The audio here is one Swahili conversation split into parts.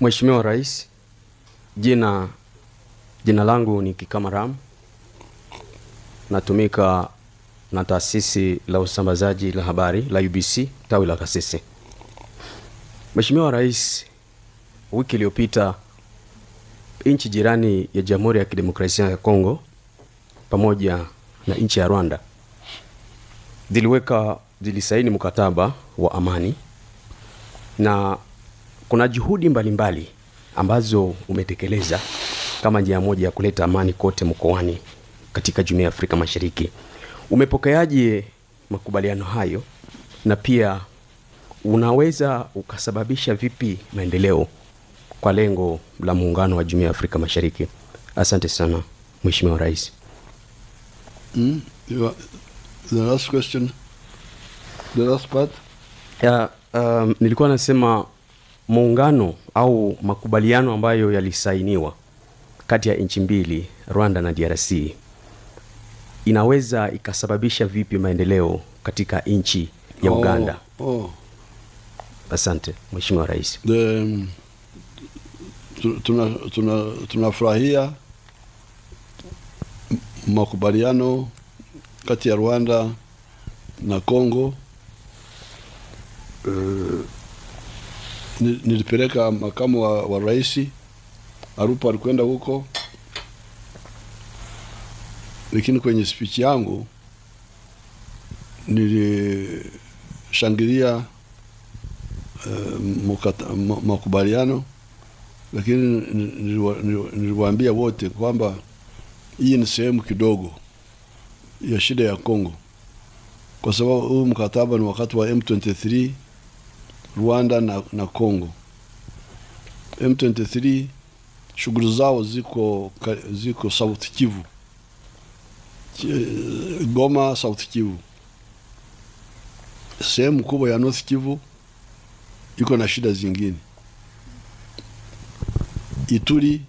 Mheshimiwa Rais, jina jina langu ni Kikamaram, natumika na taasisi la usambazaji la habari la UBC tawi la Kasese. Mheshimiwa Rais, wiki iliyopita nchi jirani ya Jamhuri ya Kidemokrasia ya Kongo pamoja na nchi ya Rwanda ziliweka zilisaini mkataba wa amani na kuna juhudi mbalimbali mbali ambazo umetekeleza kama njia moja ya kuleta amani kote mkoani katika Jumuiya ya Afrika Mashariki. Umepokeaje makubaliano hayo na pia unaweza ukasababisha vipi maendeleo kwa lengo la muungano wa Jumuiya ya Afrika Mashariki? Asante sana Mheshimiwa Rais. Mm, the last question. The last part. Yeah, um, nilikuwa nasema muungano au makubaliano ambayo yalisainiwa kati ya nchi mbili Rwanda na DRC inaweza ikasababisha vipi maendeleo katika nchi ya oh, Uganda? Oh, oh. Asante Mheshimiwa Rais. Um, tunafurahia tuna, tuna makubaliano kati ya Rwanda na Kongo uh, nilipeleka makamu wa, wa rais Arupa alikwenda huko, lakini kwenye speech yangu nilishangilia uh, makubaliano, lakini niliwaambia wote kwamba hii ni sehemu kidogo ya shida ya Kongo, kwa sababu huu mkataba ni wakati wa M23 Rwanda na, na Congo. M23 shughuli zao ziko, ziko South Kivu, Goma, South Kivu, sehemu kubwa ya North Kivu iko na shida zingine. Ituri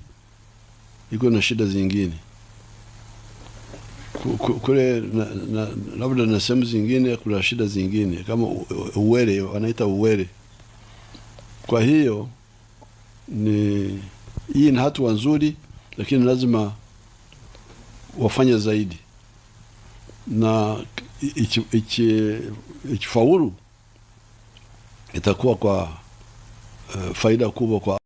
iko na shida zingine kule labda na, na, na sehemu zingine kuna shida zingine kama Uwere, wanaita Uwere. Kwa hiyo ni hii ni hatua nzuri, lakini lazima wafanye zaidi, na ikifaulu itakuwa kwa uh, faida kubwa kwa